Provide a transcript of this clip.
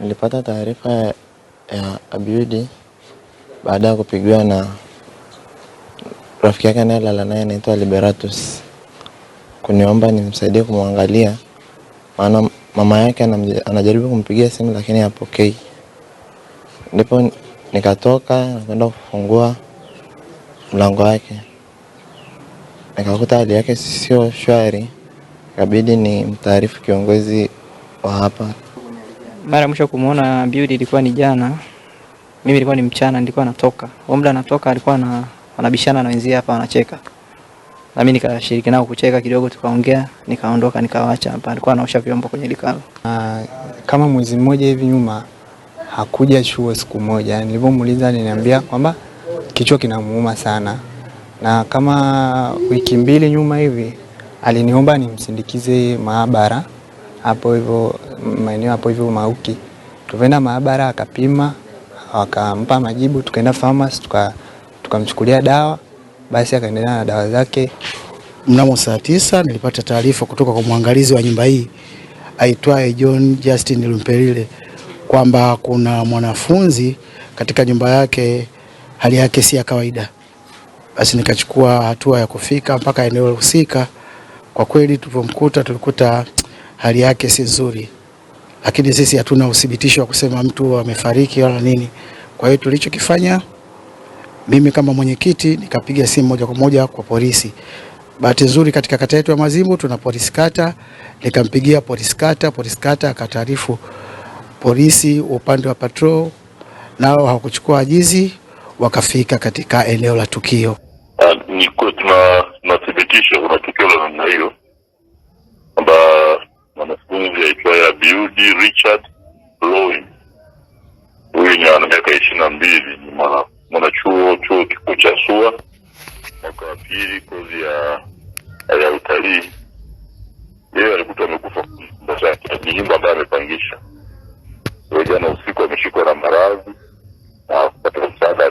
Nilipata taarifa ya abiudi baada ya kupigiwa na rafiki yake anayelala naye anaitwa Liberatus kuniomba nimsaidie kumwangalia, maana mama yake anajaribu kumpigia simu lakini hapokei. Ndipo nikatoka nikaenda kufungua mlango wake, nikakuta hali yake sio shwari, ikabidi ni mtaarifu kiongozi wa hapa mara ya mwisho kumuona Build ilikuwa ni jana, mimi nilikuwa ni mchana, nilikuwa natoka muda, natoka alikuwa na anabishana na wenzie hapa, anacheka na mimi nikashiriki nao kucheka kidogo, tukaongea, nikaondoka, nikawaacha hapa. Alikuwa anaosha vyombo kwenye likalo. Kama mwezi mmoja hivi nyuma hakuja chuo siku moja, yaani, nilipomuuliza aliniambia kwamba kichwa kinamuuma sana, na kama wiki mbili nyuma hivi aliniomba nimsindikize maabara hapo hivyo maeneo hapo hivyo Mauki. Tukaenda maabara akapima, wakampa majibu, tukaenda pharmacy tukamchukulia dawa, basi akaendelea na dawa zake. Mnamo saa tisa nilipata taarifa kutoka kwa mwangalizi wa nyumba hii aitwaye John Justin Lumperile kwamba kuna mwanafunzi katika nyumba yake hali yake si ya kawaida. Basi nikachukua hatua ya kufika mpaka eneo husika. Kwa kweli tulipomkuta tulikuta hali yake si nzuri, lakini sisi hatuna uthibitisho wa kusema mtu amefariki wala nini. Kwa hiyo tulichokifanya, mimi kama mwenyekiti nikapiga simu moja kwa moja kwa polisi. Bahati nzuri katika kata yetu ya Mazimbu tuna polisi kata, nikampigia polisi kata, polisi kata akataarifu polisi upande wa patrol, nao hawakuchukua ajizi, wakafika katika eneo la tukio. Ah, ni kweli tunathibitisha kuna tukio la namna hiyo. Richard Lowe. huyu ni ana miaka ishirini na mbili, ni mwanachuo chuo kikuu cha SUA, mwaka wa pili kozi ya ya utalii. Yeye alikuta amekufa ni nyumba ambayo amepangisha. Jana usiku ameshikwa na maradhi na kupata msaada